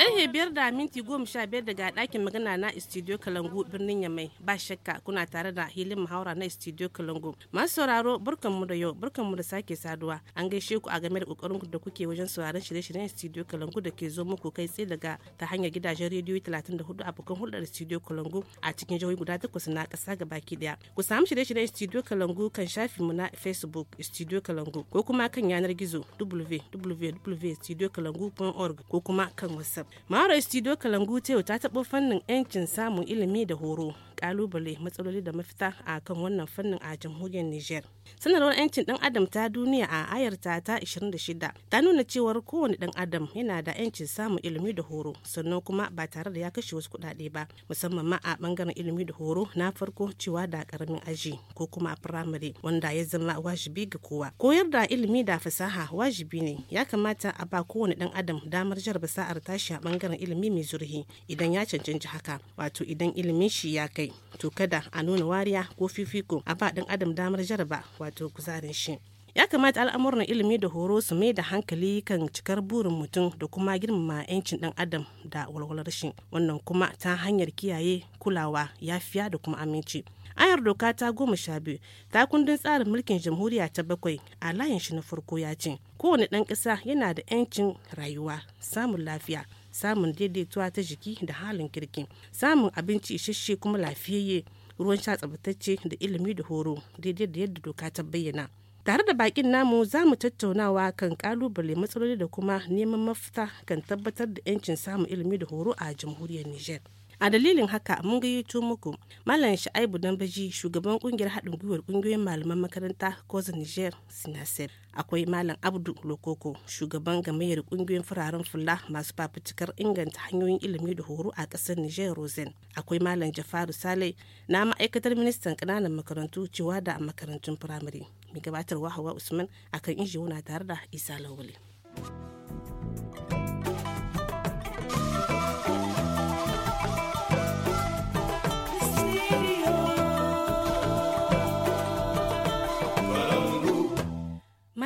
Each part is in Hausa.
karfe biyar da minti goma sha biyar daga ɗakin magana na studio kalangu birnin yamai ba shakka kuna tare da hilin muhawara na studio kalangu masu sauraro mu da yau mu da sake saduwa an gaishe ku a game da kokarin da kuke wajen sauraron shirye-shiryen studio kalangu da ke zo muku kai tsaye daga ta hanyar gidajen rediyo 34 abokan hulɗar studio kalangu a cikin jihohi guda takwas na ƙasa baki daya ku samu shirye-shiryen studio kalangu kan shafin mu na facebook studio kalangu ko kuma kan yanar gizo www.studiokalangu.org ko kuma kan whatsapp Mara Studio Kalangu ta ta taɓo fannin 'yancin samun ilimi da horo, kalubale matsaloli da mafita a kan wannan fannin a jamhuriyar Nijar. Sanarwar 'yancin dan adam ta duniya a ayarta ta 26 ta nuna cewar kowane ɗan adam yana da 'yancin samun ilimi da horo sannan kuma ba tare da ya kashe wasu kuɗaɗe ba musamman ma a bangaren ilimi da horo na farko cewa da karamin aji ko kuma a firamare wanda ya zama wajibi ga kowa. Koyar da ilimi da fasaha wajibi ne ya kamata a ba kowane dan adam damar jarba sa'ar tashi a a bangaren ilimi mai zurhi idan ya cancanci haka wato idan ilimin shi ya kai to kada a nuna wariya ko fifiko a ba dan adam damar jaraba wato kuzarin shi ya kamata al'amuran ilimi da horo su mai da hankali kan cikar burin mutum da kuma girmama 'yancin dan adam da walwalar shi wannan kuma ta hanyar kiyaye kulawa yafiya da kuma aminci ayar doka ta goma sha biyu ta kundin tsarin mulkin jamhuriya ta bakwai a layin shi na farko ya ce kowane ɗan ƙasa yana da 'yancin rayuwa samun lafiya samun daidaituwa ta jiki da halin kirki samun abinci isasshe kuma lafiyayye ruwan sha tsabtacce da ilimi da horo daidai da yadda doka ta bayyana tare da bakin namu za mu tattaunawa kan kalubale matsaloli da kuma neman mafita kan tabbatar da 'yancin samun ilimi da horo a jamhuriyar niger a dalilin haka mun gayyato muku malam sha'ibu dambaji shugaban kungiyar haɗin gwiwar kungiyoyin malaman makaranta koza niger sinasir akwai malam abdu lokoko shugaban gamayyar kungiyoyin fararen fula masu fafutukar inganta hanyoyin ilimi da horo a ƙasar niger rosen akwai malam jafaru sale na ma'aikatar ministan ƙananan makarantu cewa da makarantun firamare mai gabatarwa hawa usman akan injiyo wuna tare da isa lawali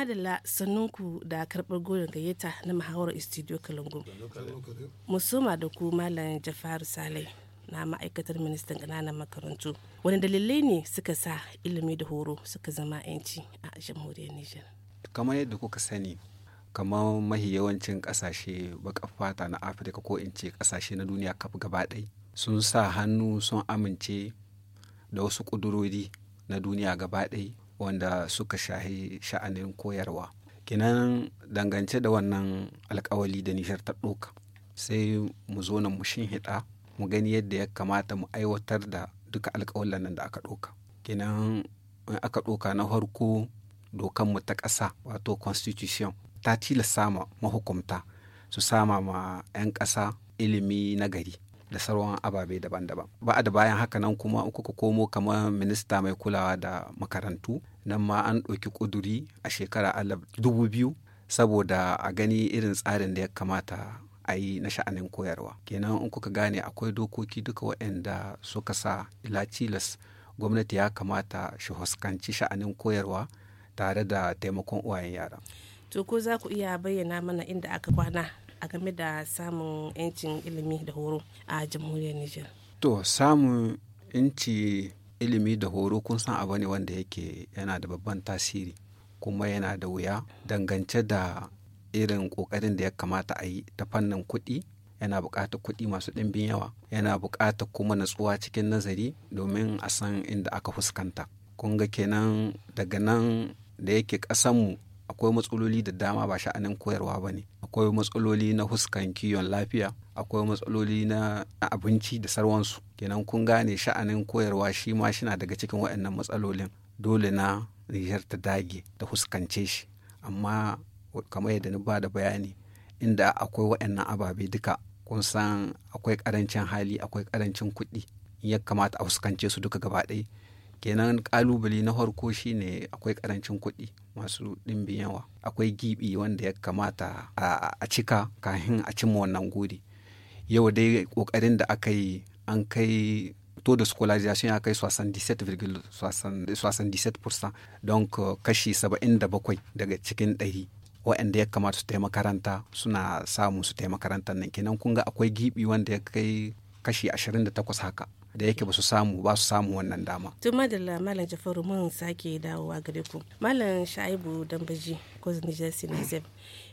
madalla sannunku da karɓar goyon gayyata na muhawarar studio kalangu musoma da ku malam jafar saleh na ma'aikatar ministan ƙananan makarantu wani dalilai ne suka sa ilimi da horo suka zama 'yanci a jamhuriyar nijar kamar yadda kuka sani kamar mahi yawancin ƙasashe baka fata na afirka ko in ce ƙasashe na duniya kaf gaba ɗai sun sa hannu sun amince da wasu ƙudurori na duniya gaba ɗai wanda suka shahi sha'anin koyarwa kinan dangance da wannan alkawali da nishar ta ɗoka sai mu zo nan mu shinhiɗa mu gani yadda ya kamata mu aiwatar da duka alkawalan nan da aka ɗoka kinan in aka ɗoka na farko mu ta ƙasa wato constitution ta tilasta ma mahukumta su sama ma 'yan ƙasa ilimi na gari da sauran ababe daban-daban ba da bayan haka nan kuma in kuka komo kamar minista mai kulawa da makarantu nan ma an ɗauki ƙuduri a shekara alaf dubu biyu saboda a gani irin tsarin da ya kamata a yi na sha'anin koyarwa kenan in kuka gane akwai dokoki duka waɗanda suka sa ila gwamnati ya kamata shi huskanci sha'anin koyarwa tare da taimakon uwayen yara to ko za ku iya bayyana mana inda aka kwana a game da samun 'yancin ilimi da horo a jamhuriyar Nijar. to samun 'yanci ilimi da horo kun san abu ne wanda yake yana da babban tasiri kuma yana da wuya dangance da irin kokarin da ya kamata a yi ta fannin kuɗi yana buƙatar kuɗi masu ɗimbin yawa yana buƙatar kuma natsuwa cikin nazari domin a san inda aka fuskanta kun ga kenan daga nan da yake ƙasanmu akwai matsaloli da dama ba sha'anin koyarwa ba ne akwai matsaloli na huskan kiwon lafiya akwai matsaloli na abinci da sarwansu kenan kun gane sha'anin koyarwa shi ma shina daga cikin waɗannan matsalolin dole na nijar ta dage da huskance shi amma kamar yadda ni ba da bayani inda akwai waɗannan ababe duka kun san akwai ƙarancin hali akwai ƙarancin kuɗi ya kamata a huskance su duka gaba ɗaya kenan ƙalubale na farko shine akwai ƙarancin kuɗi masu ɗimbin yawa akwai gibi wanda ya kamata a cika kafin a cimma wannan guri yau dai ƙoƙarin da aka yi an kai to da scolarisation ya kai 77% don kashi 77 daga cikin 100 waɗanda ya kamata su taimaka makaranta suna samu su taimaka makarantar nan kenan kun ga akwai gibi wanda ya kai kashi 28 haka da yake ba su samu ba su samu wannan dama. Tun madalla Malam Jafaru mun sake dawowa gare ku. Malam Shaibu Dambaji ko Niger Sinazem.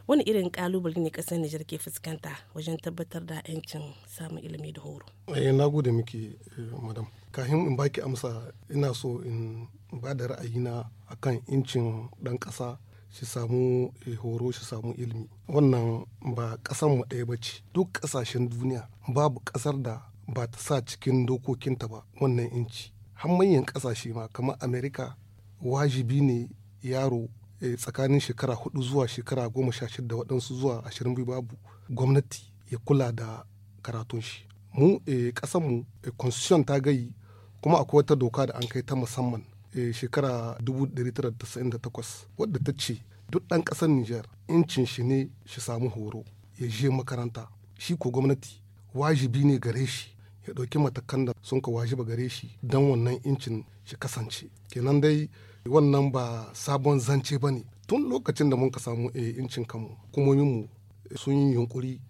Wani irin kalubale ne kasar Nijar ke fuskanta wajen tabbatar da 'yancin samun ilimi da horo? Eh na gode miki eh, madam. Kafin in baki amsa ina so in ba da ra'ayi ra'ayina akan incin dan kasa shi samu eh, horo shi samu ilimi. Wannan ba kasan mu ɗaya ba Duk ƙasashen duniya babu ƙasar da ba ta sa cikin dokokinta ba wannan inci har manyan ƙasashe ma kamar amerika wajibi ne yaro eh, tsakanin shekara hudu zuwa shekara goma sha shida waɗansu zuwa ashirin biyu babu gwamnati ya kula da karatun shi mu eh, ƙasanmu eh, constitution ta gayi kuma akwai wata doka da an kai ta musamman shekara 1998 wadda ta ce duk ɗan ƙasar Nijar incin shi ne shi samu horo ya je makaranta shi ko gwamnati wajibi ne gare shi ya ɗauki matakan da sun ka washi ba gare shi don wannan incin shi kasance kenan dai wannan ba sabon zance ba ne tun lokacin da mun ka samu eh, incin kanmu hukumominmu sun yi yunkuri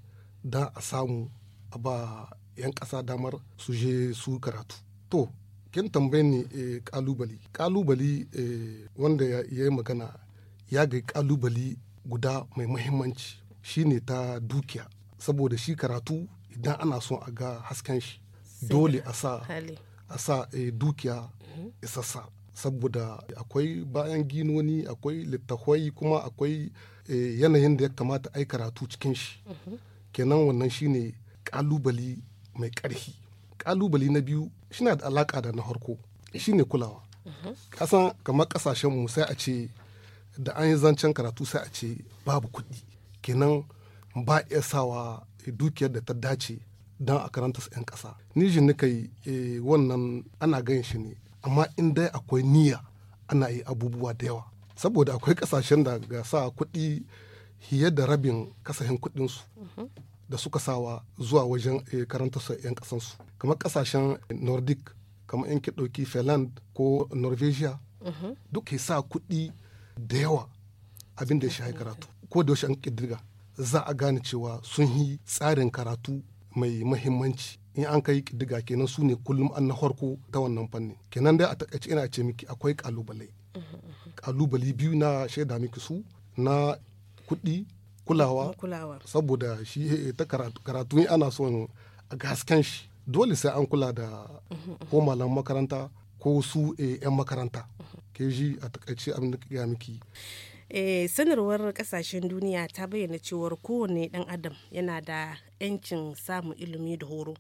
da a samu a ba 'yan ƙasa damar su je su karatu to kin tambaye ni kalubali eh, kalubali eh, wanda ya yi magana ya ga kalubali guda mai mahimmanci shine ta dukiya saboda shi karatu idan ana son a ga hasken shi dole a sa a sa eh, dukiya mhm. isassa saboda akwai bayan ginoni akwai littafai kuma akwai eh, yanayin da ya kamata a yi karatu cikin shi mhm. kenan wannan shine kalubali mai ƙarfi kalubali na biyu shina da alaka da na harko shine kulawa mhm. kasan kamar kasashen mu sai a ce da an yi zancen karatu sai a ce babu kuɗi kenan ba iya sawa dukiyar da ta dace don a karanta su 'yan ƙasa nijin nika yi eh, wannan ana gan shi ne amma in dai akwai niyya ana yi abubuwa da yawa saboda akwai ƙasashen da ga sa kuɗi fiye da rabin kasashen kuɗinsu da suka sawa zuwa wajen eh, karanta su 'yan ƙasansu kamar ƙasashen nordic kamar yanki ɗauki finland ko norvegia duk sa kuɗi da yawa abin da ya shi karatu ko da yaushe an ƙiddiga za a gane cewa sun yi tsarin karatu mai mahimmanci in an kai diga kenan su ne kullum an na farko ta wannan fannin kenan dai a takaice ina ce miki akwai kalubale kalubale biyu na shaida miki su na kuɗi kulawa saboda shi eh, ta karatu ana son a gasken shi dole sai an kula da ko malam makaranta ko su 'yan eh, makaranta ke ji a takaice abin da ya miki Eh, sanarwar kasashen duniya ta bayyana cewar kowane dan adam yana da 'yancin samun ilimi da horo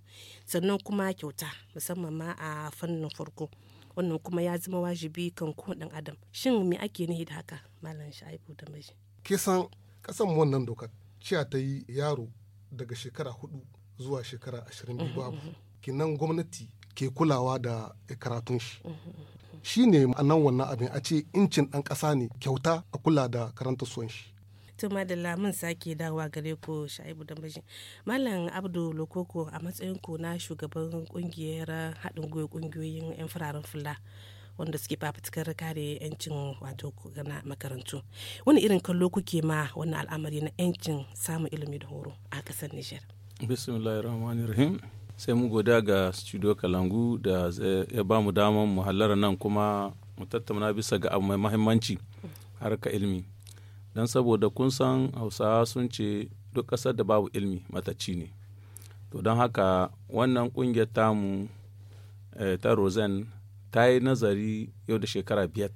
sannan kuma kyauta musamman ma a fannin farko wannan kuma ya zama wajibi kan kowane dan adam shin me ake nihi da haka malam sha'ibu da mashi kisan kasan wannan dokar cewa ta yi yaro daga shekara hudu zuwa shekara ashirin babu mm-hmm. kinan gwamnati ke kulawa da karatun shi mm-hmm. shine nan wannan abin a ce incin ɗan ƙasa ne kyauta a kula da karanta suwan shi tuma da lamun sake dawowa gare ku sha'ibu da mashin malam abdu lokoko a matsayin ku na shugaban kungiyar haɗin gwiwa kungiyoyin yan fararen fula wanda suke fafutukar kare yancin wato na makarantu wani irin kallo kuke ma wannan al'amari na yancin samun ilimi da horo a ƙasar nijar bismillahirrahmanirrahim sai mu goda ga studio kalangu da ya ba mu damar mu hallara nan kuma mu tattauna bisa ga abu mai mahimmanci harka ilmi don saboda kun san hausawa sun ce duk ƙasar da babu ilmi matacci ne to don haka wannan ƙungiyar tamu eh, ta rosen ta yi nazari yau da shekara biyar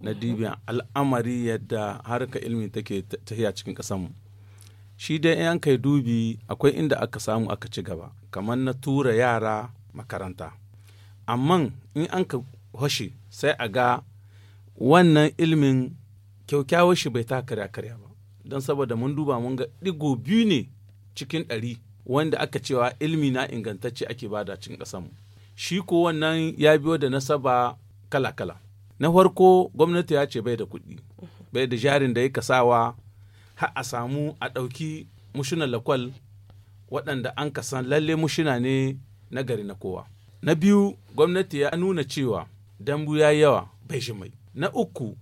na dibin al'amari yadda harka ilmi take tafiya cikin ƙasarmu shi dai in kai dubi akwai inda aka samu aka ci gaba kamar na tura yara makaranta amma in an ka hoshi sai a ga wannan ilimin kyaukyawar shi bai ta karya karya ba don saboda mun duba mun ga ɗigo biyu ne cikin ɗari wanda aka cewa ilimi na ingantacce ake bada cikin ƙasanmu shi ko wannan ya biyo da nasaba kala-kala na farko gwamnati ya ce bai da kuɗi bai da jarin da ya kasawa har a samu a ɗauki mushunan lakwal waɗanda an kasan lalle mushina ne na gari na kowa. Na biyu gwamnati ya nuna cewa dambu ya yawa bai shi mai. Na uku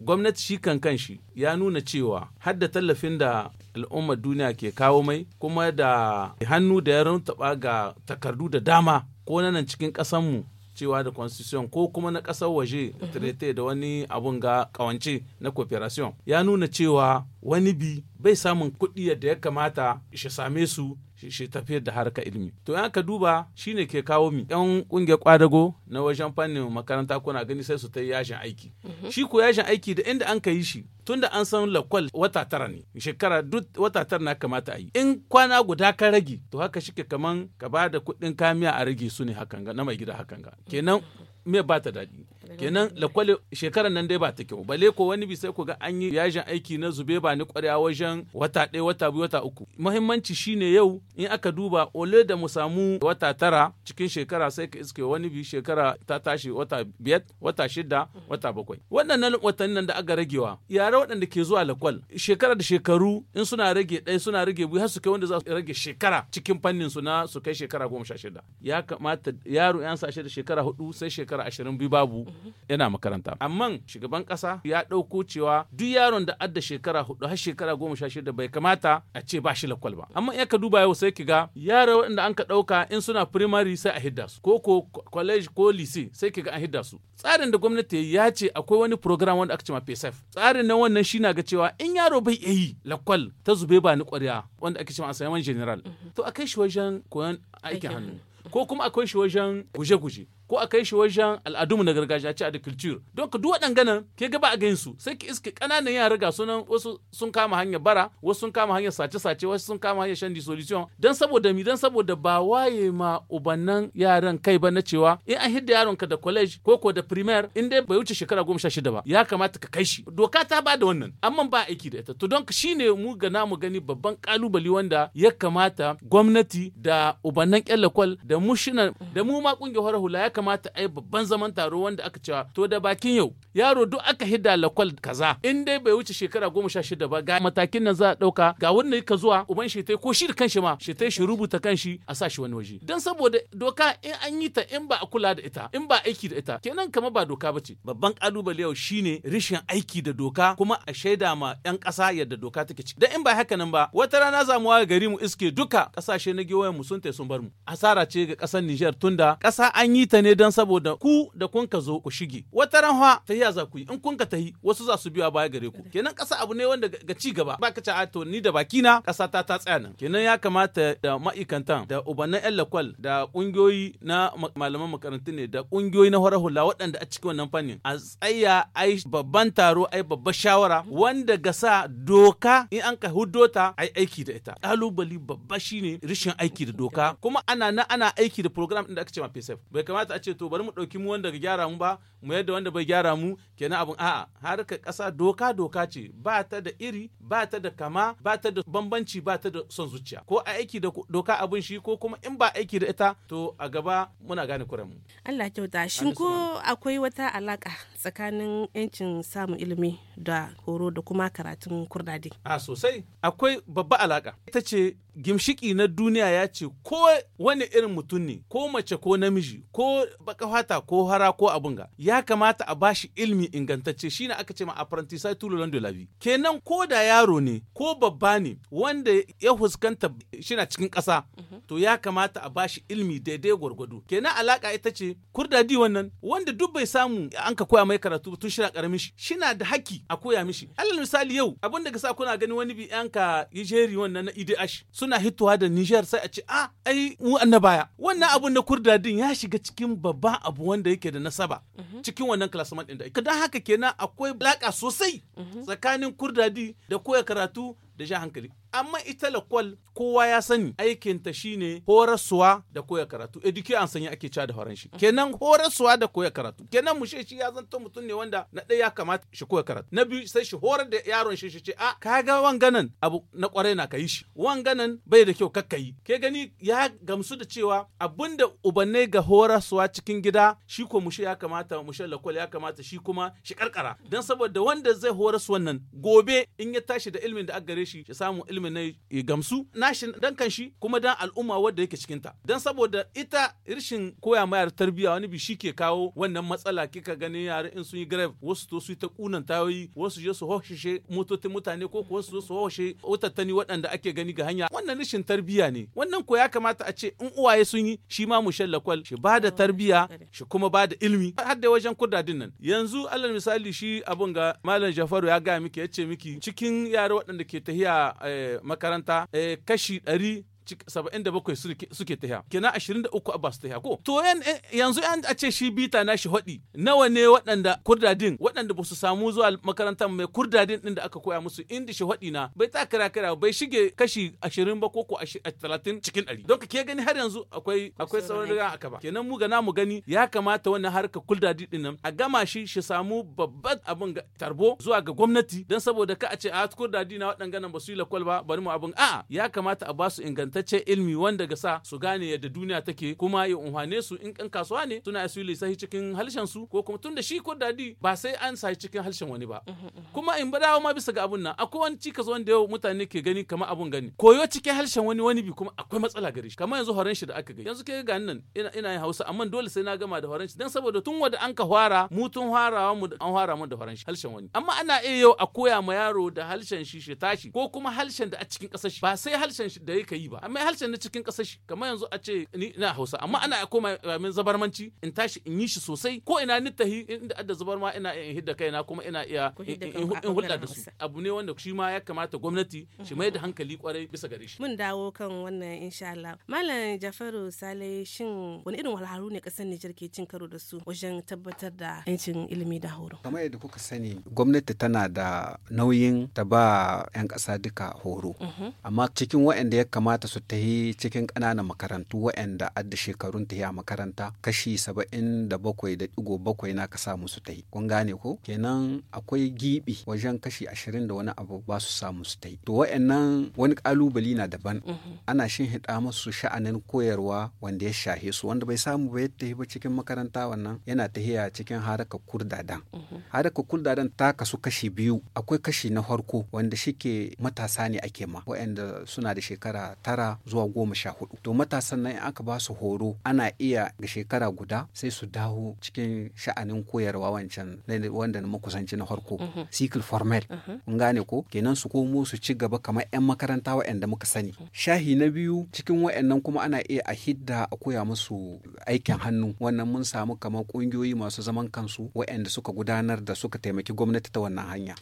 gwamnati shi kan shi ya nuna cewa har da tallafin da al'ummar duniya ke kawo mai kuma da hannu da ya rantaba ga takardu da dama ko na nan cikin ƙasanmu cewa da constitution ko kuma na ƙasar waje trete da wani abun ga kawance na cooperation ya nuna cewa wani bi bai samun kuɗi yadda ya kamata shi same su shi tafiyar da harka ilimi to in ka duba shine ke kawo mi yan kungiyar kwadago na wajen fannin makaranta kuna gani sai su ta yashin aiki mhm. shi ko yashin aiki da inda an ka yi shi da an san lakwal wata tara ne shekara duk wata tara na kamata ayi. in kwana guda ka rage to haka shike kaman ka ba da kuɗin kamiya a rage su ne hakan ga na mai gida hakan ga kenan me ba ta daɗi kenan lakwale shekarar nan dai ba ta kyau bale ko wani bisai ku ga an yi yajin aiki na zube ba ni kwarya wajen wata ɗaya wata biyu wata uku muhimmanci shine yau in aka duba ole da mu samu wata tara cikin shekara sai ka iske wani bi shekara ta tashi wata biyar wata shida wata bakwai waɗannan watanni nan da aka ragewa yara waɗanda ke zuwa lakwal shekara da shekaru in suna rage ɗaya suna rage biyu har su kai wanda za su rage shekara cikin fannin su na su kai shekara goma sha shida ya kamata yaro yan sa da shekara hudu sai shekara ashirin biyu babu yana makaranta amma shugaban kasa ya ɗauko cewa duk yaron da adda shekara hudu har shekara goma sha shida bai kamata a ce ba shi lakwal ba amma in ka duba yau sai ki ga yara waɗanda an ka ɗauka in suna primary sai a hidda su ko ko college ko lise sai ki ga an hidda su tsarin da gwamnati ya ce akwai wani program wanda aka ce ma PSF tsarin nan wannan shi na ga cewa in yaro bai yi lakwal ta zube ba ni ƙwarya wanda ake cewa ma assignment general mhm. to akai shi wajen koyon aikin hannu ko kuma akwai shi wajen guje-guje ko a kai shi wajen al'adunmu na gargajiya ce da culture don ka duk waɗanganan ke gaba a gayin su sai ki iske kananan yara ga sunan wasu sun kama hanyar bara wasu sun kama hanyar sace-sace wasu sun kama hanyar shan dissolution don saboda mi don saboda ba waye ma ubannan yaran kai ba na cewa in an hidda yaron ka da college ko ko da primaire in dai bai wuce shekara goma sha shida ba ya kamata ka kai shi doka ta ba da wannan amma ba aiki da ita to don shine mu ga namu gani babban kalubali wanda ya kamata gwamnati da ubannan kyallakwal da mushina da mu ma kungiyar hula ya kamata a yi babban zaman taro wanda aka cewa to da bakin yau yaro duk aka hidda lakwal kaza in dai bai wuce shekara goma sha shida ba ga matakin nan za a ɗauka ga wannan ka zuwa uban shi ko shi da kanshi ma shi shi rubuta kanshi a sa shi wani waje don saboda doka in an yi ta in ba a kula da ita in ba aiki da ita kenan kama ba doka ba ce babban kalubale yau shine rishin aiki da doka kuma a shaida ma yan kasa yadda doka take ciki dan in ba haka nan ba wata rana za mu gari mu iske duka ƙasashe na gewayen mu sun sun bar mu asara ce ga kasar Niger tunda kasa an yi ta ne ne dan saboda ku da kun ka zo ku shige wata ran fa tahiya za ku yi in kun ka tahi wasu za su biya baya gare ku kenan kasa abu ne wanda ga ci gaba ba ka ce a to ni da baki na kasa ta ta tsaya nan kenan ya kamata da ma'aikatan da ubannin yan lakwal da kungiyoyi na malaman makarantu ne da ƙungiyoyi na horar hula waɗanda a cikin wannan fannin a tsaya yi babban taro ai babban shawara wanda ga sa doka in an ka huddo ta yi aiki da ita kalubali babba shine rashin aiki da doka kuma ana na ana aiki da program da aka ce ma bai kamata a ce to bari mu ɗauki mu wanda ga gyara mu ba mu yadda wanda bai gyara mu kenan abun a'a harkar kasa doka doka ce ba ta da iri ba ta da kama ba ta da bambanci ba ta da son zuciya ko a aiki da doka abun shi ko kuma in ba aiki da ita to a gaba muna gane kuren mu Allah kyauta shin ko akwai wata alaka tsakanin yancin samun ilimi da horo da kuma karatun kurnadi a sosai akwai babba alaka ita ce gimshiki na duniya ya ce ko wani irin mutum ne ko mace ko namiji ko baka fata ko hara ko abunga ya ya kamata a bashi ilmi ingantacce shine aka ce ma apprentice tout le de la vie kenan ko da yaro ne ko babba ne wanda ya fuskanta shina cikin ƙasa mhm. to ya kamata a bashi ilmi daidai gwargwado kenan alaka ita ce kurdadi wannan wanda duk bai samu an ka koya mai karatu tun shina karamin shi shina da haki a koya mishi alal misali yau abin da sa kuna gani wani bi yan ka Nigeria wannan na IDH e suna hituwa da Niger sai a ce a ah, ai mu annabaya wannan abun na kurdadin ya shiga cikin babban abu wanda yake da nasaba mhm. cikin wannan classmate ɗin da ake. Don haka kenan akwai alaƙa sosai mhm. tsakanin kurdadi da koya karatu da sha hankali. amma ita lakwal kowa ya sani aikinta shine horaswa da koya karatu eduke an sanya ake ca da horan shi kenan horaswa da koya karatu kenan mushe shi ya zanto mutum ne wanda na ɗaya ya kamata shi koya karatu na biyu sai shi horar da yaron shi shi ce a kaga wanganan abu na kwarai na ka yi shi wanganan bai da kyau kakka yi ke gani ya gamsu da cewa abinda ubannai ga horaswa cikin gida shi ko mushe ya kamata mushe lakwal ya kamata shi kuma shi karkara dan saboda wanda zai horaswa nan gobe in ya tashi da ilmin da aka gare shi ya samu ilmin ilimin na ya gamsu shi dan kanshi kuma dan al'umma wadda yake cikin ta dan saboda ita rishin koya ma yar tarbiyya wani bi ke kawo wannan matsala kika gani yare in sun yi grave wasu to su ta kunan tayoyi wasu je su hoshe motocin mutane ko wasu su su hoshe watattani waɗanda ake gani ga hanya wannan rishin tarbiyya ne wannan ko ya kamata a ce in uwaye sun yi shi ma mushen lakwal shi ba da tarbiyya shi kuma ba da ilimi har da wajen kudadin nan yanzu alal misali shi abun ga malam jafaru ya gaya miki ya ce miki cikin yare waɗanda ke tahiya eh, makaranta eh, kashi ɗari 77 suke tahiya kenan 23 a basu tahiya ko to eh, yanzu yan a ce shi bita na shi hodi nawa ne waɗanda kurdadin waɗanda ba su samu zuwa makarantar mai kurdadin din da aka koya musu inda shi hodi na bai ta kira kira bai shige kashi 20 ba ko ko 30 cikin 100 don ke gani har yanzu akwai akwai sauran riga aka ba kenan mu ga namu gani ya kamata wannan harkar kuldadi din nan a gama shi shi samu babban abin tarbo zuwa ga gwamnati don saboda ka a ce a ah, kurdadi na waɗanda nan ba su yi lakwal ba bari mu abin a'a ya kamata a ba su inganta ingantaccen ilmi wanda ga sa su gane yadda duniya take kuma ya umhane su in kan kasuwa ne suna su sahi cikin halshen su ko kuma tunda shi ko dadi ba sai an sai cikin halshen wani ba mhm, mhm. kuma in ba dawo ma bisa ga abun nan akwai wani cikas wanda yau mutane ke gani kamar abun gani koyo cikin halshen wani wani bi kuma akwai matsala gare shi kamar yanzu horon shi da aka gani yanzu ke ga nan ina ina yin Hausa amma dole sai na gama da horon shi dan saboda tun wanda an ka fara mu tun farawa mu an fara mu da horon shi halshen wani amma ana iya yau a koya ma yaro da halshen shi shi tashi ko kuma halshen da a cikin kasar shi ba sai halshen shi da yake yi ba amma harshen na cikin ƙasar shi kamar yanzu a ce ni ina hausa amma ana koma min zabarmanci in tashi in yi shi sosai ko ina ni tahi inda adda zabarma ina in hidda kaina kuma ina iya in hulɗa da su abu ne wanda shi ma ya kamata gwamnati shi mai da hankali kwarai bisa gare shi mun dawo kan wannan insha Allah malam Jafaru Sale shin wani irin walharu ne ƙasar Nijar ke cin karo da su wajen tabbatar da yancin ilimi da horo kamar yadda kuka sani gwamnati tana da nauyin ta ba 'yan ƙasa duka horo mhm. amma cikin waɗanda ya kamata su su ta yi cikin ƙananan makarantu waɗanda adda shekarun ta yi a makaranta kashi saba'in da bakwai da ɗigo bakwai na ka samu su ta yi kun gane ko kenan akwai giɓi. wajen kashi ashirin da wani abu ba su samu su ta yi to waɗannan wani ƙalubali na daban mm-hmm. ana shin hiɗa musu sha'anin koyarwa wanda ya shahe su wanda bai samu ba yadda ba cikin makaranta wannan yana ta tahiya cikin harakar kurdadan mm-hmm. harakar kurdadan ta kasu kashi biyu akwai kashi na farko wanda shike matasa ne ake ma waɗanda suna da shekara tara tara zuwa goma sha hudu to matasan nan in aka ba su horo ana iya ga shekara guda sai su dawo cikin sha'anin koyarwa wancan wanda na makusanci na farko cycle mhm. formal mhm. kun gane ko kenan su komo su ci gaba kamar yan makaranta waɗanda muka sani mhm. shahi na biyu cikin waɗannan kuma ana iya a hidda a koya musu aikin hannu wannan mun samu kamar ƙungiyoyi masu zaman kansu waɗanda suka gudanar da suka taimaki gwamnati ta wannan hanya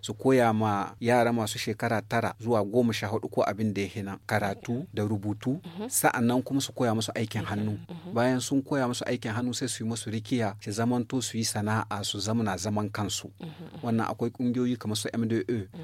su koya ma yara masu shekara tara zuwa goma sha hudu ko abin da ya hina karatu karatu da rubutu mhm. sa'an nan kuma su koya musu aikin hannu mhm. bayan sun koya musu aikin hannu sai su yi musu rikiya su zamanto su yi sana'a su zamana zaman kansu mhm, wannan akwai kungiyoyi kamar su mdo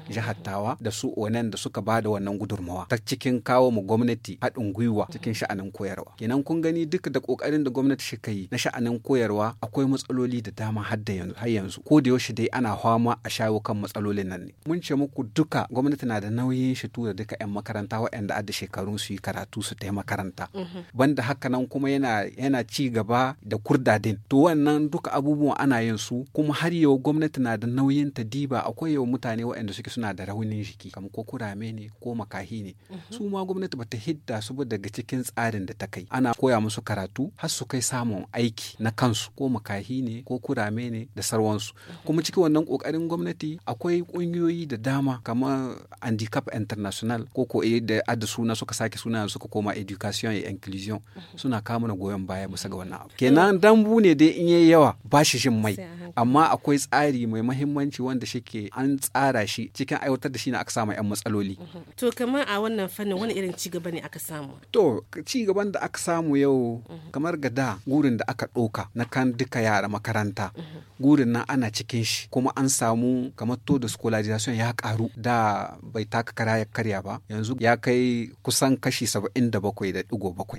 jihar Tawa da su onen da suka ba da wannan gudurmawa ta cikin kawo mu gwamnati haɗin gwiwa cikin sha'anin koyarwa kenan kun gani duka da kokarin da gwamnati shi yi na sha'anin koyarwa akwai matsaloli da dama har da yanzu har yanzu ko da yaushe dai ana fama a shawo kan matsalolin nan ne mun ce muku duka gwamnati na da nauyin shi tura duka 'yan makaranta waɗanda adda shekarun su yi karatu su taimaka makaranta mhm. banda haka nan kuma yana yana ci gaba da kurdadin to wannan duka abubuwan ana yin su kuma har yau gwamnati na da nauyin ta diba akwai yau mutane waɗanda suke suna da raunin jiki kamar ko kurame ne ko makahi ne mhm. su ma gwamnati bata hidda su ba daga cikin tsarin da ta kai ana koya musu karatu har su kai samun aiki na kansu ko makahi ne ko kurame ne da sarwansu mhm. kuma cikin wannan kokarin gwamnati akwai kungiyoyi da dama kamar handicap international ko ko eh, da suna sannan suka sake suna suka koma education et inclusion mhm. suna kama na goyon baya bisa ga mhm. wannan abu kenan dambu ne dai in yayi yawa ba shi shin mai amma akwai tsari mai mahimmanci wanda ke. an tsara shi cikin aiwatar da shi na aka samu yan matsaloli mhm. to kamar a wannan fannin wani irin ci gaba ne aka samu to ci gaban da aka samu yau kamar ga da gurin da aka ɗoka na kan duka yara makaranta gurin nan ana cikin shi kuma an samu kamar to da scholarization ya karu da bai taka kara ya karya ba yanzu ya kai kusan kashi 77.7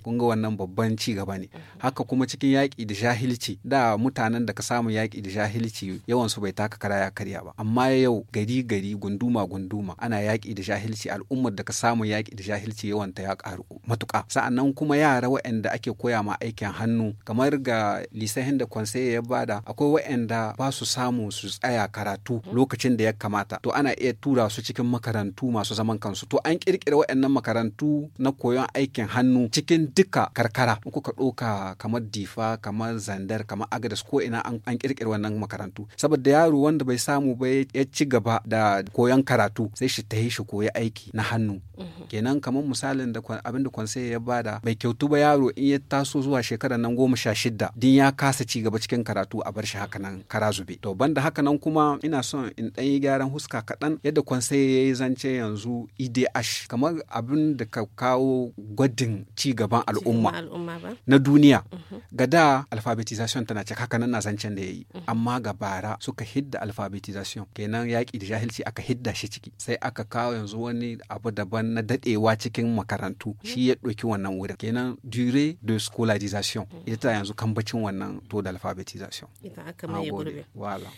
kun ga wannan babban ci gaba ne haka kuma cikin yaƙi da jahilci da mutanen da ka samu yaƙi da jahilci yawan su bai taka kara ya karya ba amma yau gari gari gunduma gunduma ana yaƙi da jahilci al'ummar da ka samu yaƙi da jahilci yawan ta ya ƙaru matuƙa sa'annan kuma yara waɗanda ake koya ma aikin hannu kamar ga lisahin da kwansaye ya bada akwai waɗanda ba su samu su tsaya karatu lokacin da ya kamata to ana iya tura su cikin makarantu masu zaman kansu to an ƙirƙira waɗannan makarantu makarantu na koyon aikin hannu cikin duka karkara kuka doka kamar difa kamar zandar kamar agadas ko ina an ƙirƙiri wannan makarantu saboda yaro wanda bai samu ba ya ci gaba da koyon karatu sai shi ta shi koyi aiki na hannu mhm. kenan kamar misalin da abin da kwansai ya bada bai kyautu ba yaro in ya taso zuwa shekarar nan goma sha shida din ya kasa ci gaba cikin karatu a bar shi haka nan kara zube to banda haka nan kuma ina son in ɗan yi gyaran huska kaɗan yadda kwansai ya yi zance yanzu idh kamar abin da da ka kawo gwadin ci al'umma na duniya mhm. ga da alfabetization tana cika haka nan na zancen da ya yi mhm. amma ga bara suka hidda alfabetization kenan yaƙi da jahilci aka hidda shi ciki sai aka kawo yanzu wani abu daban na dadewa cikin makarantu mhm. shi ya ɗauki wannan wurin kenan durée de scolarisation ita ta yanzu kambacin wannan to da alfabetization ita aka mai gurbe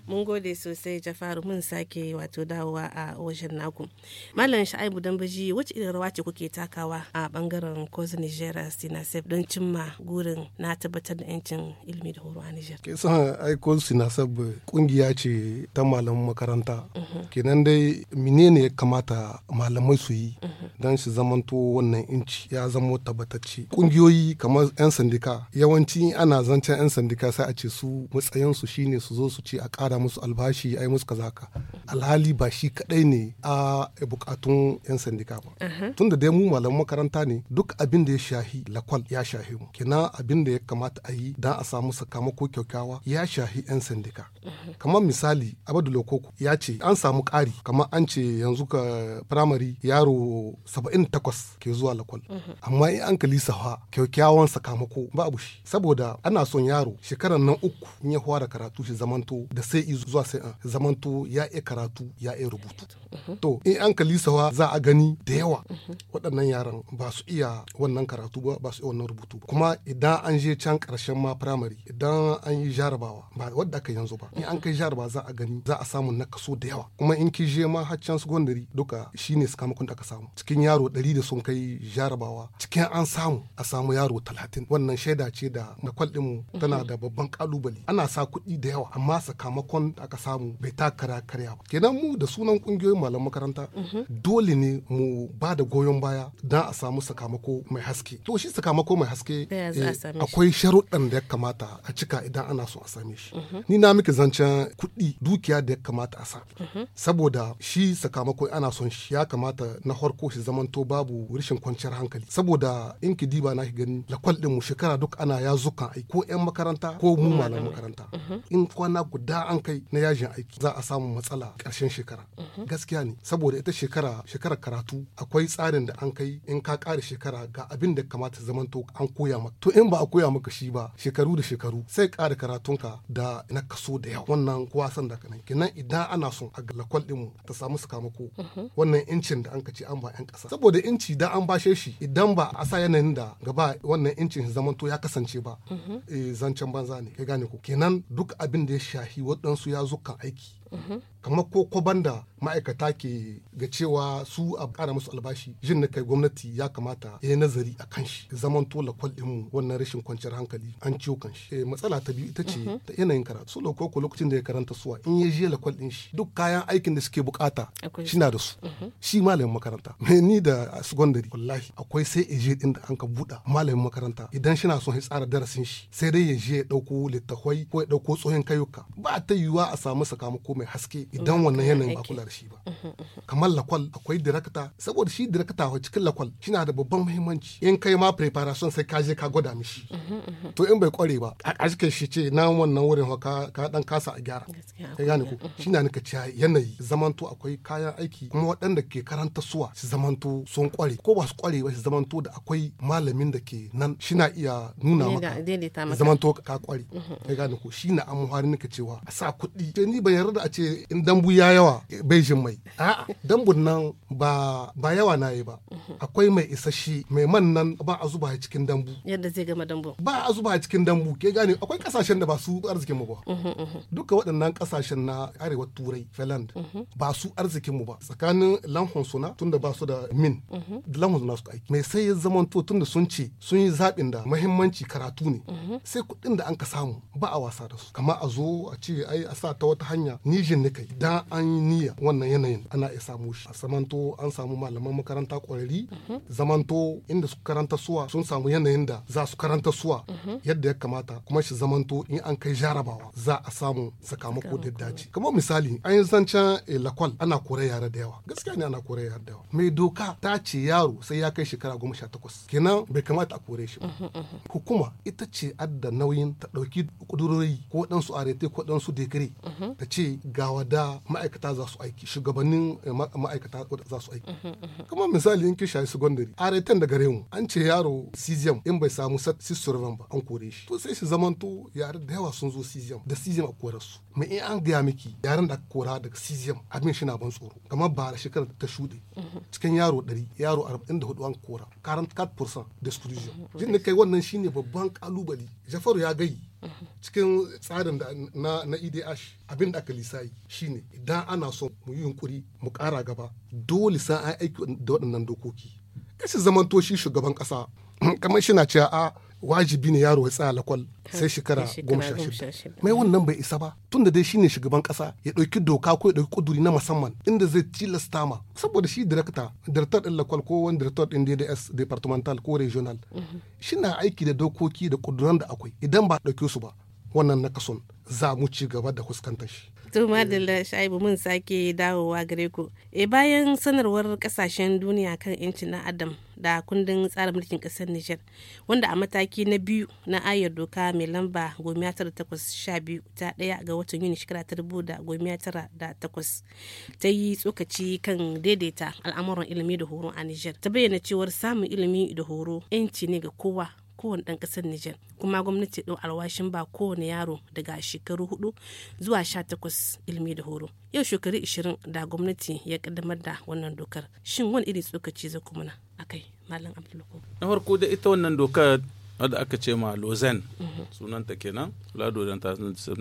mun gode sosai jafaru mun sake wato dawowa a wajen naku malam sha'ibu dambaji wacce irin rawa ce kuke takawa a bangaren kwas nigeria sinasef don cimma gurin na tabbatar da yancin ilimi da horo a niger ke sa aiko sinasef kungiya ce ta malaman makaranta mhm. kenan dai menene ya kamata malamai su yi mhm. don su zamanto wannan inci ya zama tabbatacce kungiyoyi kamar yan sandika yawanci ana zancen yan sandika sai a ce su matsayinsu shine su zo su ce a kara musu albashi ai musu kazaka alhali ba shi kadai ne a bukatun yan sandika ba tunda dai mu mu malaman makaranta ne duk abin da ya shahi lakwal ya shahi mu kina abin da ya kamata a yi don a samu sakamako kyaukyawa ya shahi 'yan sandika mhm. kamar misali abadu lokoko ya ce an samu kari kamar an ce yanzu ka firamare yaro 78 ke zuwa lakwal mhm. amma in an kalisa fa kyaukyawan sakamako ba babu shi saboda ana son yaro shekaran nan uku in ya fara karatu shi zamanto da sai zuwa sai an zamanto ya iya karatu ya iya rubutu mhm. to in an kalisa za a gani da yawa waɗannan yaran ba su iya wannan karatu ba ba su iya wannan rubutu ba kuma idan an je can ƙarshen ma firamare idan an yi jarabawa ba wadda aka yanzu ba in an kai jaraba za a gani za a samu na kaso da yawa kuma in ki je ma har can secondary duka shine sakamakon da aka samu cikin yaro ɗari da sun kai jarabawa cikin an samu a samu yaro talatin wannan shaida ce da nakwal ɗinmu mhm. tana da babban kalubale ana sa kuɗi da yawa amma sakamakon da aka samu bai takara karya ba kenan mu da sunan ƙungiyoyin malam makaranta mhm. dole ne mu ba da goyon baya da a samu sakamako mai haske to shi sakamako mai haske eh, akwai sharuɗan da ya kamata a cika idan ana so a same shi mhm. ni na miki zancen kuɗi dukiya da ya kamata a sa mhm. saboda shi sakamako ana son shi ya kamata na farko shi zamanto babu rishin kwanciyar hankali saboda in ki diba na ki gani lakwal ɗin mu shekara duk ana ya zukan aiki ko 'yan makaranta ko mu malam makaranta mhm. in kwana guda an kai na yajin aiki za a samu matsala ƙarshen shekara gaskiya ne saboda ita shekara shekara karatu akwai tsarin da an kai in ka ƙara shekara ga abin da kamata zamanto an koya maka to in ba a koya maka shi ba shekaru da shekaru sai karatun ka da na kaso da yawa wannan kowa san da kanan kenan idan ana son a lakwal mu ta samu sakamako mhm. wannan incin da an ka ce an ba 'yan ƙasa saboda inci da an bashe shi idan ba a sa yanayin da gaba wannan incin zamanto ya kasance ba mhm. eh, zancen banza ne ka gane ko kenan duk abin da ya shahi waɗansu ya kan aiki mhm. kamar ko kwaban da ma'aikata ke ga cewa su a kara musu albashi jin na kai gwamnati ya kamata ya yi nazari a kan shi zaman tola kwal mu wannan rashin kwanciyar hankali an ciwo kan shi eh, matsala ta biyu ita ce mm-hmm. ta yanayin karatu su ko lokacin da ya karanta suwa in ya je lakwal shi duk kayan aikin da suke bukata shi na da su mm-hmm. shi malamin makaranta me ni da secondary wallahi akwai sai je din da an ka buɗa malamin makaranta idan shi na son ya tsara darasin shi sai dai ya je ya ɗauko littafai ko ya ɗauko tsohon kayuka ba ta yiwuwa a samu sakamako mai haske idan wannan yanayin ba kula da shi ba mhm, mhm. kamar lakwal akwai direkta saboda shi direkta wa cikin lakwal kina da babban muhimmanci in kai ma preparation sai ka je ka gwada mishi mhm, to in bai kware ba a cikin shi ce na wannan wurin ka dan kasa a gyara ka gane ko shi na nika cewa yanayi zamanto akwai kayan aiki kuma waɗanda ke karanta suwa su zamanto sun kware ko ba su kware ba su zamanto da akwai malamin da ke nan shi na iya nuna maka zamanto ka kware ka gane ko shi na amfani nika cewa a sa kuɗi ni ban yarda a ce in dambu ya yawa bai jin mai a'a dambun nan ba ba yawa na yi ba mhm. akwai mai isashi mai man nan ba a zuba cikin dambu yadda zai gama dambu ba a zuba cikin dambu ke gane akwai kasashen da ba su arzikin mu ba mhm, mhm. duka waɗannan kasashen na arewa turai finland ba su arzikin mu ba tsakanin lanhon suna tunda ba su da min lanhon suna su aiki mai sai ya zamanto tunda sun ce sun yi zaɓin da mahimmanci karatu ne sai kuɗin da an ka samu ba a wasa da su kama a zo a ce ai a sa ta wata hanya nijin ni kai da an yi niyya wannan yanayin ana iya samu shi a samanto an samu malaman makaranta ƙwararri zamanto inda su karanta suwa sun samu yanayin da za su karanta suwa yadda ya kamata kuma shi zamanto in an kai jarabawa za a samu sakamako da dace kamar misali an yi zancen eh, lakwal ana kore yara da yawa gaskiya ne ana kore yara da yawa mai doka ta ce yaro sai ya kai shekara goma sha takwas kenan bai kamata a kore shi ba hukuma ita ce adda nauyin ta ɗauki ƙudurori ko ɗansu arete ko ɗansu dekare ta ce gawa da ma'aikata za su aiki shugabannin eh, ma'aikata za su aiki kuma misali in kishaye secondary a retan da gare mu an ce yaro cesium in bai samu sisurvan ba an kore shi to sai su zamanto yare da yawa sun zo cesium da cesium a kore su mai in an gaya miki yaren da kora daga cesium abin shi na ban tsoro kamar ba shekarar ta shuɗe cikin yaro dari yaro hudu an kora 44% exclusion jin da kai wannan shine babban kalubale jafaru ya gai mhm. cikin tsarin na, na idh e abin da aka lisayi shine idan ana so mu yi yunkuri mu kara gaba dole sai an aiki da waɗannan dokoki kashi zamanto shi shugaban ƙasa kamar shi na cewa a wajibi ne yaro ya tsaya lakwal sai shekara goma sha shida mai wannan bai isa ba tun da dai shine shugaban kasa ya ɗauki doka ko ya ɗauki kuduri na musamman inda zai tilasta ma saboda shi direkta direktar din lakwal ko wani direktar din dds departmental ko regional mhm. shi na aiki da dokoki da kuduran da akwai idan ba ɗauke su ba wannan na kason za mu ci gaba da fuskantar shi To madalla eh. shaibu mun sake dawowa gare ku. E bayan sanarwar kasashen duniya kan yancin na Adam da kundin tsarin mulkin kasar Nijar wanda a mataki na biyu na ayar doka mai lamba gomiya tara takwas sha biyu ta ɗaya ga watan Yuni shekara ta dubu da gomiya tara da takwas ta yi tsokaci kan daidaita al'amuran ilimi da horo a Nijar ta bayyana cewar samun ilimi da horo yanci ne ga kowa kowane ɗan ƙasar Nijar kuma gwamnati ɗau alwashin ba kowane yaro daga shekaru hudu zuwa sha takwas ilimi da horo yau shekaru ishirin da gwamnati ya ƙaddamar da wannan dokar shin wani iri tsokaci zai kuma akai malam abdulko na farko da ita wannan dokar wadda aka ce ma lozen mhm. sunanta kenan Lado da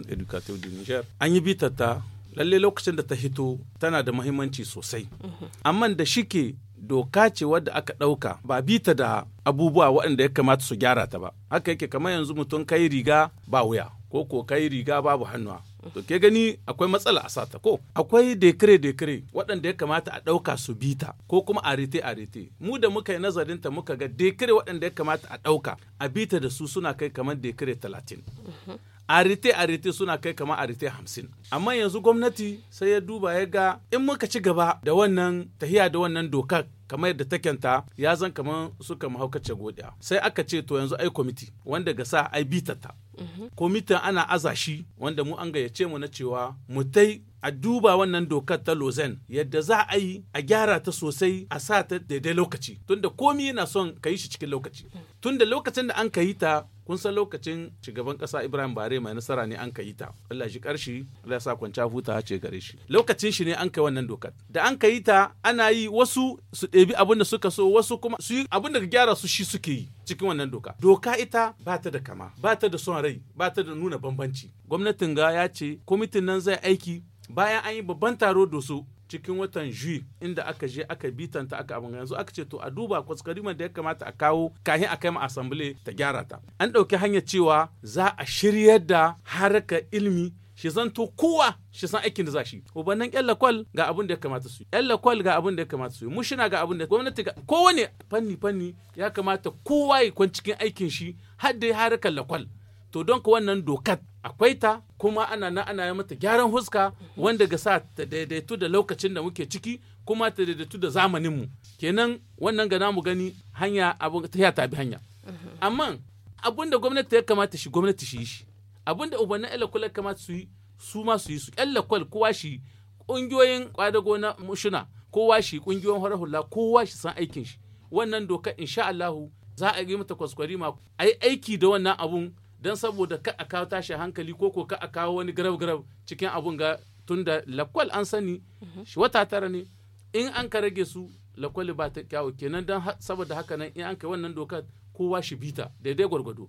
educative du niger an yi bitata ta lalle lokacin da ta hito tana da mahimmanci sosai mhm. amma da shike doka ce wadda aka ɗauka ba bita da abubuwa waɗanda ya kamata su gyara ta ba haka yake kamar yanzu mutum kai riga ba wuya ko ko kai riga babu hannuwa to ke gani akwai matsala a sata ko akwai dekare dekare waɗanda ya kamata a ɗauka su bita ko kuma arete arete mu da muka yi nazarin ta muka ga dekare waɗanda ya kamata a ɗauka a bita da su suna kai kamar dekare talatin mhm. arite arite suna kai kamar arite hamsin amma yanzu gwamnati sai ya duba ya ga in muka ci gaba da wannan tahiya da wannan dokar kamar yadda ta kyanta ya zan kamar suka mahaukace godiya sai aka ce to yanzu ai kwamiti wanda ga sa ai bitata mhm. kwamitin ana aza shi wanda mu an gayyace mu na cewa mu tai a duba wannan dokar ta lozen yadda za a yi a gyara ta sosai a sa ta daidai lokaci tunda komi yana son ka yi shi cikin lokaci mhm. tunda lokacin da an ka yi ta kun san lokacin shugaban kasa ibrahim bare mai nasara ne an ka yi ta allah shi karshi allah sa kwanciya huta ce gare shi lokacin shi ne an kai wannan dokar da an ka yi ta ana yi wasu su ɗebi abin da suka so wasu kuma su yi abin da gyara su shi suke yi cikin wannan doka doka ita ba ta da kama ba ta da son rai ba ta da nuna bambanci gwamnatin ga ya ce kwamitin nan zai aiki bayan an yi babban taro da su cikin watan juyi inda aka je aka bitanta aka abin yanzu aka ce to a duba kwaskariman da ya kamata a kawo kahin a kai ma asambile ta gyara ta an ɗauki hanyar cewa za a shiryar da harkar ilimi shi zanto kowa shi san aikin da za shi ubannin yan lakwal ga abin da ya kamata su yan lakwal ga abin da ya kamata su mushina ga abin da gwamnati ga kowane fanni fanni ya kamata kowa ya kwan cikin aikin shi har da harkar lakwal to don ka wannan dokar. akwai ta kuma ana na ana yi mata gyaran huska wanda ga sa ta daidaitu da lokacin da muke ciki kuma ta daidaitu da zamaninmu kenan wannan ga namu gani hanya abun ta ya tabi hanya mm-hmm. amma abun da gwamnati ya kamata shi gwamnati shi shi abun da ubannin ƴan kamata su yi su ma su yi su ƴan kowa shi ƙungiyoyin kwadago na mushuna kowa shi ƙungiyoyin horar hula kowa shi san aikin shi wannan doka insha Allahu za a yi mata kwaskwari ma a yi aiki da wannan abun don saboda ka a kawo tashi hankali ko ko ka a kawo wani garau garau cikin abun ga tunda lakwal an sani mhm. shi wata tara ne in an ka rage su lakwal ba ta kyawu kenan don saboda haka nan in an kai wannan dokar kowa shi bita daidai gwargwado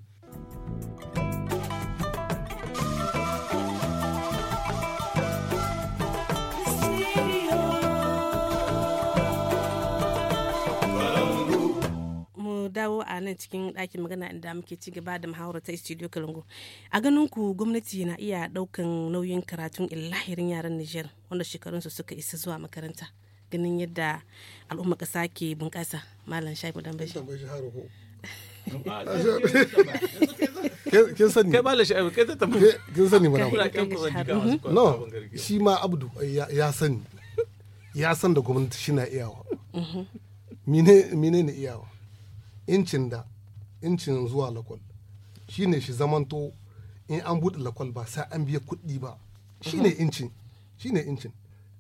dawo a nan cikin ɗakin magana inda muke ci gaba da muhawara ta studio Kalungu. A ganin ku gwamnati na iya ɗaukan nauyin karatun illahirin yaran niger wanda shekarunsu suka isa zuwa makaranta. Ganin yadda al'umma ƙasa ke bunƙasa. Malam Shaibu Dambashi. kin sani kai malam sha'ibu kai ta tambaye kin sani mana no shi ma abdu ya sani ya san da gwamnati shi na iyawa mhm. mine ne iyawa incin da incin zuwa lakwal ne shi zamanto in an buɗe lakwal ba sai an biya kuɗi ba Shi ne mhm. incin ne incin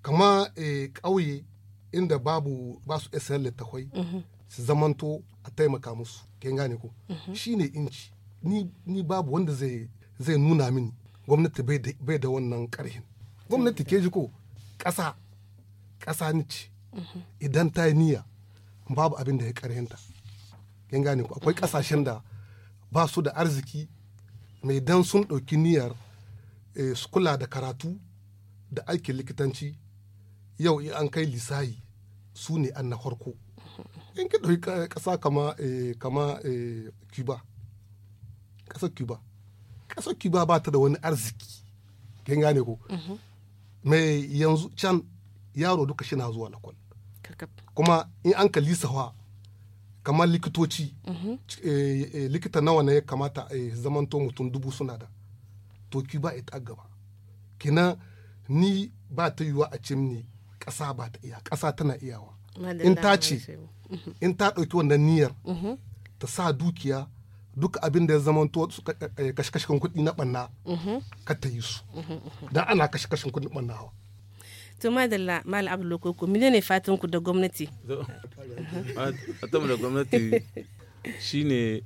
kama eh, ƙauye inda babu ba su isar littafai mhm. su zamanto a taimaka musu kin gane ko mhm. ne inci ni babu wanda zai nuna mini gwamnati bai da wannan ƙarhin gwamnati ke ji ko ƙasa ƙasa ni ce idan ta yi niyya babu abin da ya karhinta kin gane ku akwai kasashen da ba su da arziki mai dan sun ɗauki niyyar eh, su kula da karatu da aikin likitanci yau in an kai lisayi su ne an na farko in ka ɗauki ƙasa kama eh, eh, cuba ƙasar cuba ƙasar cuba ba ta da wani arziki kin gane ku mhm. mai yanzu can yaro duka shi na zuwa lakwal kuma in an ka lisawa kamar likitoci mhm. eh, eh, likita nawa ne ya kamata a eh, zamanto mutum dubu suna da to ki ba ita gaba kina ni ba ta yiwa a cimni ƙasa ba ta iya ƙasa tana iyawa in ta ce in ta ɗauki wannan niyyar mhm. ta sa dukiya duk abin da ya zama to su kashe kuɗi na ɓanna mhm. ka ta yi su dan ana kashe kashen kuɗi ɓanna da la mal abdullahi koko mine ne fatan ku da gwamnati fatan da gwamnati shine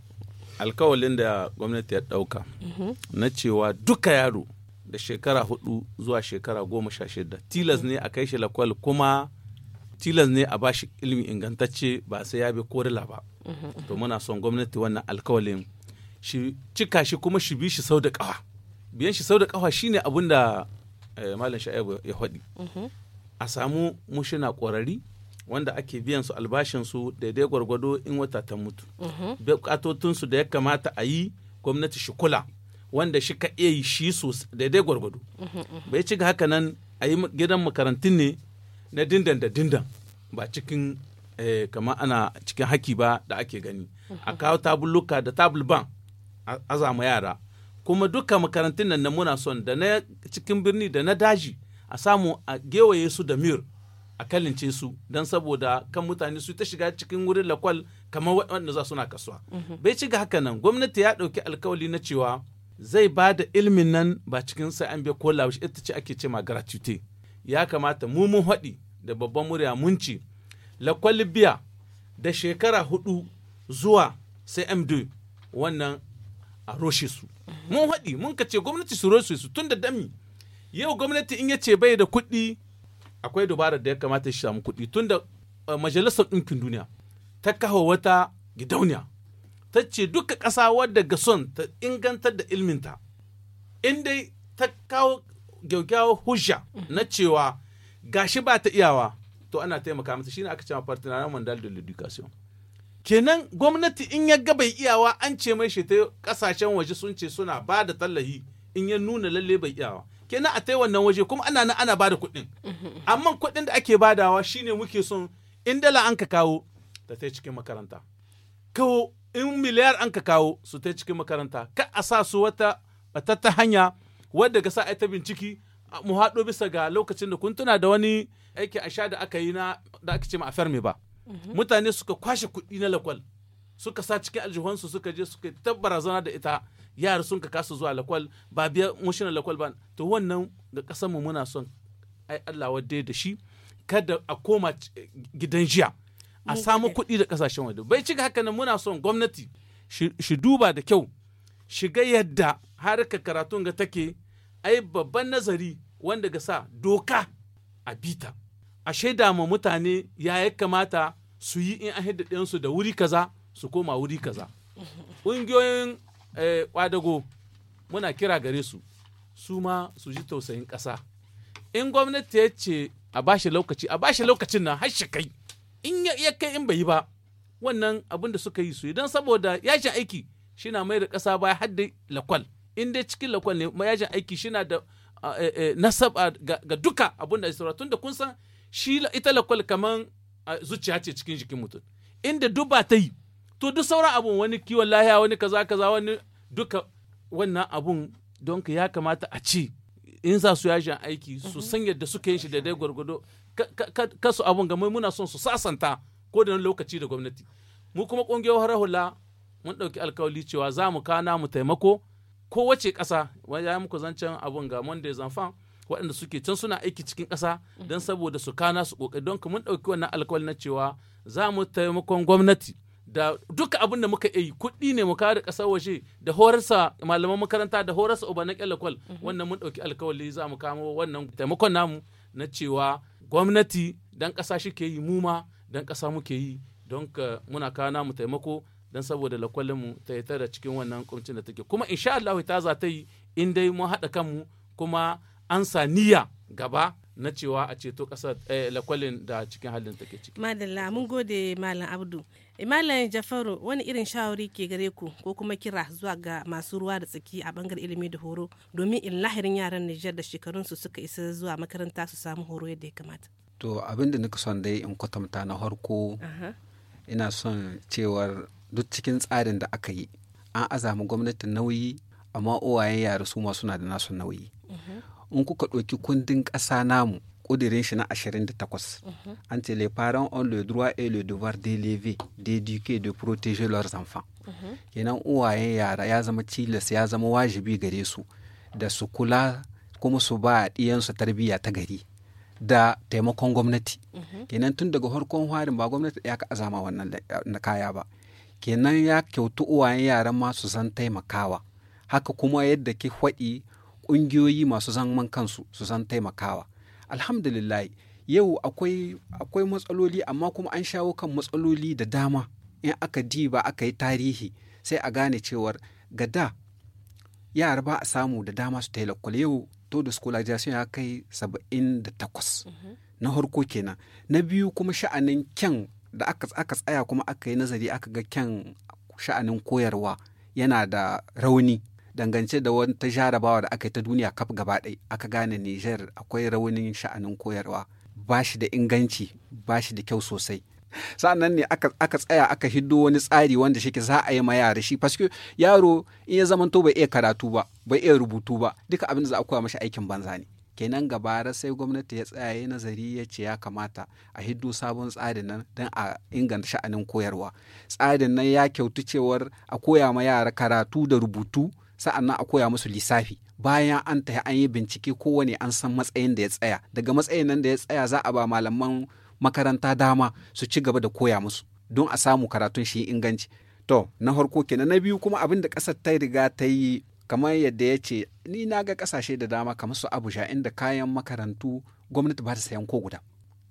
alkawalin da gwamnati ya dauka mhm. na cewa duka yaro da shekara hudu zuwa shekara goma sha shida tilas ne a kai shi lakwal kuma tilas ne a ba shi ilimi ingantacce ba sai ya bi korila ba mhm, mhm. to muna son gwamnati wannan alkawalin shi cika shi kuma shi bi shi sau da kawa biyan shi sau da kawa shine abin da Eh, malam sha'ibu ya faɗi mhm. a samu mushina ƙwarari wanda ake biyan su albashin su daidai gwargwado in wata ta mutu mhm. bukatotin su da ya kamata a yi gwamnati shi kula wanda shi ka iya yi shi su daidai gwargwado mhm, bai ci ga haka nan a yi gidan makarantun ne na dindan da dindan ba cikin eh, kamar ana cikin haki ba da ake gani a kawo tabuluka da tabul ban a yara kuma duka makarantun nan na muna son da na cikin birni da na daji a samu a gewaye su da mir a kalince su don saboda kan mutane su ta shiga cikin wurin lakwal kamar waɗanda za suna kasuwa. Mhm. Bai ci ga haka nan gwamnati ya ɗauki alkawali na cewa zai ba da ilimin nan ba cikin sai an biya ko lawashi ita ce ake ce ma gratuite. Ya kamata mu mun haɗi da babban murya mun ci lakwal biya da shekara hudu zuwa sai md wannan a roshe su mun haɗi mun ka ce gwamnati su roshe su tun da dami yau gwamnati in ya ce bai da kuɗi akwai dubarar da ya kamata shi samu kuɗi tun da eh, majalisar ɗinkin duniya ta kawo wata gidauniya ta ce duka ƙasa wadda ga son ta ingantar da ilminta in dai ta kawo gyaugyawar hujja na cewa gashi ba ta iyawa to ana taimaka mata shine aka ce ma partenariat mondial de l'education kenan gwamnati in ya ga bai iyawa an ce mai shi ta kasashen waje sun ce suna ba da tallahi in ya nuna lalle bai iyawa kenan a ta wannan waje kuma ana nan ana ba da kuɗin mm-hmm. amma kuɗin da ake badawa shine muke son in dala an ka kawo ta ta cikin makaranta kawo in miliyar an ka kawo su ta cikin makaranta ka a sa su wata batatta hanya wadda ga sa ai ta binciki mu haɗo bisa ga lokacin da kun tuna da wani aiki a sha da aka yi na da aka ce ma a ferme ba Mhm. mutane suka kwashe kuɗi na lakwal suka sa cikin aljihunsu suka je suka ta barazana da ita yara sun ka kasa zuwa lakwal ba biya mushinan lakwal ba to wannan ga ƙasar mu muna son ai Allah wadde da shi kada a koma gidan jiya a samu kuɗi da kasashen waje bai cika haka nan muna son gwamnati shi duba da kyau shiga yadda harkar karatun ga take ai babban nazari wanda ga sa doka a bita a shaida ma mutane ya ya kamata su yi in ahidda ɗinsu da wuri kaza su koma wuri kaza ƙungiyoyin eh, ƙwadago muna kira gare su su ma su ji tausayin ƙasa in gwamnati ya ce a bashi lokaci a bashi lokacin nan har kai in ya kai in bai yi ba wannan abin da suka yi su idan saboda yashin aiki shi na mai da ƙasa ba har lakwal in dai cikin lakwal ne yashin aiki shi na da eh, eh, nasaba ga duka abin da ya tun da kun san shi ita lakwal kaman zuciya ce cikin jikin mutum inda duk ba ta yi to duk sauran abun wani kiwon lahiya wani kaza kaza wani duka wannan abun don ya kamata a ci. in za su yashi aiki su san yadda suka yin shi da dai gwargwado kasu abun ga mai muna son su sasanta ko da lokaci da gwamnati mu kuma ƙungiyar har hula mun ɗauki alkawali cewa za mu kana mu taimako ko wace ƙasa ya muku zancen abun ga monday zanfan waɗanda suke can suna aiki cikin ƙasa don saboda su kana su ƙoƙari don mun ɗauki wannan alkawali na cewa za mu taimakon gwamnati da duka abin da muka yi kuɗi ne mu da ƙasar waje da horarsa malaman makaranta da horarsa uba na kyalakwal mhm. wannan mun ɗauki alkawali za mu kamo wannan taimakon namu na cewa gwamnati dan ƙasa shi ke yi mu ma dan ƙasa muke yi don ka muna kawo namu taimako don saboda lakwalinmu ta yi tara cikin wannan kuncin da take kuma insha Allah ta za ta yi in dai mun haɗa kanmu kuma an sa niyya gaba na cewa a ceto ƙasar eh, lakwalin da cikin halin take ciki. Madalla mun gode Malam Abdu. Eh, Malam Jafaru wani irin shawari ke gare ku ko kuma kira zuwa ga masu ruwa da tsaki a bangar ilimi da horo domin in lahirin yaran Nijar da shekarunsu suka isa zuwa makaranta su samu horo yadda ya kamata. To abin da nika son dai in kwatanta na harko ina son cewar duk cikin tsarin da aka yi an azami gwamnati nauyi amma uwayen yara su ma suna da nasu nauyi. Mhm. in kuka ɗauki kundin ƙasa namu ƙudirin shi na 28 an ce le parents ont le droit et le devoir d'élever d'éduquer de protéger leurs enfants kenan uwayen yara ya zama tilas ya zama wajibi gare su da su kula kuma su ba ɗiyansu tarbiyya ta gari da taimakon gwamnati kenan tun daga farkon harin ba gwamnati ya ka azama wannan da kaya ba kenan ya kyautu uwayen yaran ma su san taimakawa haka kuma yadda ki faɗi ƙungiyoyi masu zaman kansu su san taimakawa alhamdulillah yau akwai matsaloli amma kuma an shawo kan matsaloli da dama in aka diba aka yi tarihi sai a gane cewar ga da yara ba a samu da dama su tailakwal yau to da scolarization ya kai saba'in da takwas mhm. na harko kenan na biyu kuma sha'anin kyan da aka tsaya kuma aka yi nazari aka ga kyan sha'anin koyarwa yana da rauni dangance da wata jarabawa da aka yi ta duniya kaf gaba ɗai aka gane Nijar akwai raunin sha'anin koyarwa ba shi da inganci ba shi da kyau sosai sa'annan ne aka tsaya aka hiddo wani tsari wanda shi za a yi ma yara shi paske yaro in ya zamanto bai iya karatu ba bai iya rubutu ba duka abin da za a koya mashi aikin banza ne kenan gabara sai gwamnati ya tsaya ya nazari ya ce ya kamata a hiddo sabon tsarin nan don a inganta sha'anin koyarwa tsarin nan ya kyautu cewar a koya ma yara karatu da rubutu sa'an nan a koya musu lissafi bayan an tafi an yi bincike kowane an san matsayin da ya tsaya daga matsayin nan da ya tsaya za a ba malaman makaranta dama su ci gaba da koya musu don a samu karatun shi inganci to na farko kenan na biyu kuma abin da ƙasar ta riga ta yi kamar yadda ya ce ni na ga ƙasashe da dama kamar su abuja inda kayan makarantu gwamnati ba ta sayan ko guda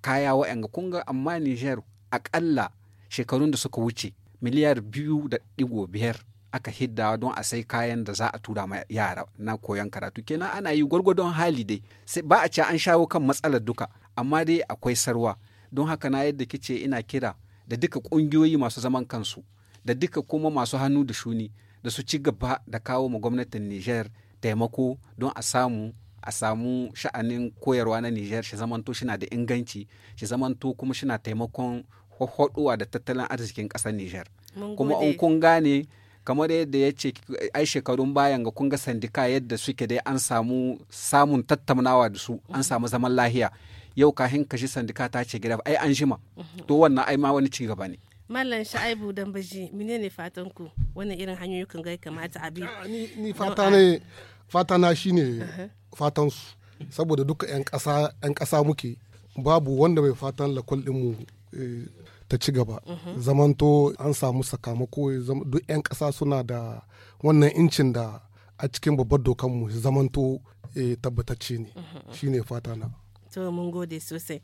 kaya wa'yanga kun ga amma niger aƙalla shekarun da suka wuce miliyar biyu da ɗigo biyar aka hidda don a sai kayan da za a tura ma yara na koyon karatu kenan ana yi gwargwadon hali dai sai ba a ce an shawo kan matsalar duka amma dai akwai sarwa don haka na yadda kice ina kira da duka ƙungiyoyi masu zaman kansu da duka kuma masu hannu da shuni da su ci gaba da kawo ma gwamnatin Niger taimako don a samu a samu sha'anin koyarwa na Niger shi zamanto shina da inganci shi zamanto kuma shina taimakon hoɗuwa da tattalin arzikin ƙasar Niger kuma in kun gane kamar yadda ya ce ai shekarun bayan ga kunga sandika yadda suke dai an samu samun tattaunawa da su an samu zaman lahiya yau kahin kashi sandika ta ce gida ai an jima to wannan ai ma wani cigaba ne Mallam Sha'ibu Dambaji ne fatan ku wani irin hanyoyi kun ga kamata abi ah, ni fata ne fata na shine fatan su saboda duka yan kasa yan kasa muke babu wanda bai fatan lakul din mu eh, ta ci gaba zamanto an samu sakamako duk 'yan ƙasa suna da wannan incin da a cikin babbar dokanmu zamanto eh, tabbatacce ne mhm. shine fata na to mun gode sosai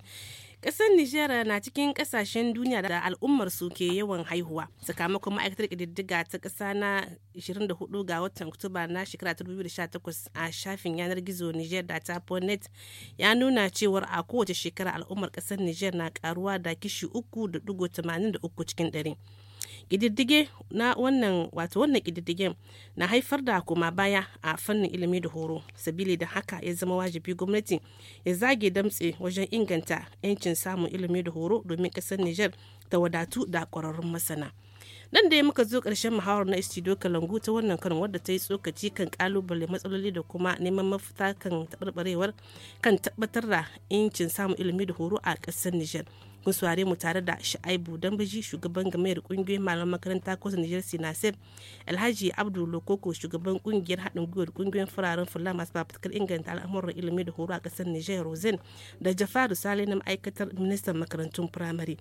Ƙasar Nijar na cikin ƙasashen duniya da al'ummar su ke yawan haihuwa. Sakamakon ma'aikatar ƙididdiga ta ƙasa na 24 ga watan Oktoba na shekara 2018 a shafin yanar gizo Nijar da Taponet ya nuna cewar a kowace shekara al'ummar ƙasar Nijar na karuwa da kishi 3.83 cikin ɗari. kididdige na wannan wato wannan kididdigen na haifar da koma baya a fannin ilimi da horo sabili da haka ya zama wajibi gwamnati ya zage damtse wajen inganta 'yancin samun ilimi da horo domin kasar niger ta wadatu da kwararrun masana nan da ya muka zo ƙarshen muhawar na istido kalangu ta wannan karin wadda ta yi tsokaci kan kalubale matsaloli da kuma neman mafita kan taɓarɓarewar kan tabbatar da 'yancin samun ilimi da horo a ƙasar nijar mun saurare mu tare da Sha'ibu Dambaji shugaban gamayar kungiyoyin malaman makaranta Kosa Niger Sinasef Alhaji Abdul Lokoko shugaban kungiyar haɗin gwiwar kungiyoyin fararen fulla masu fafutukar inganta al'amuran ilimi da horo a ƙasar Niger Rosen da Jafaru Sale na ma'aikatar ministan makarantun firamare.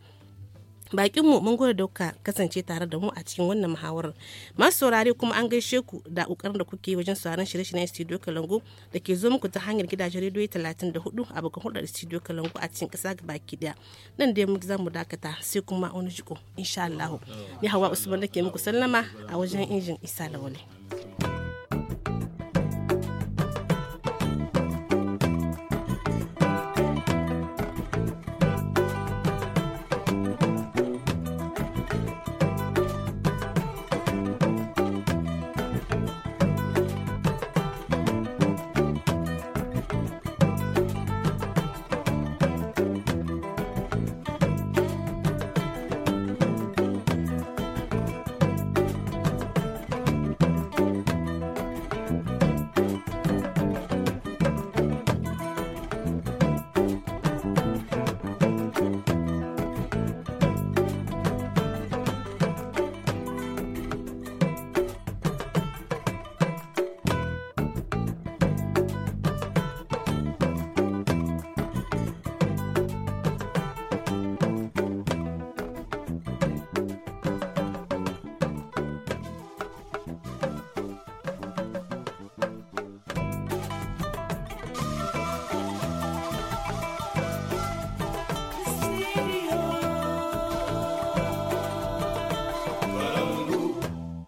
bakin mu mun gode dauka kasance tare da mu a cikin wannan muhawarar masu saurare kuma an gaishe ku da kokarin da kuke wajen sauraron shirye-shiryen studio kalangu da ke zo muku ta hanyar gidajen rediyo 34 a bakan hudar studio kalangu a cikin ƙasa baki daya nan dai mu za mu dakata sai kuma wani jiko insha Allah ni hawa usman nake muku sallama a wajen injin isa lawale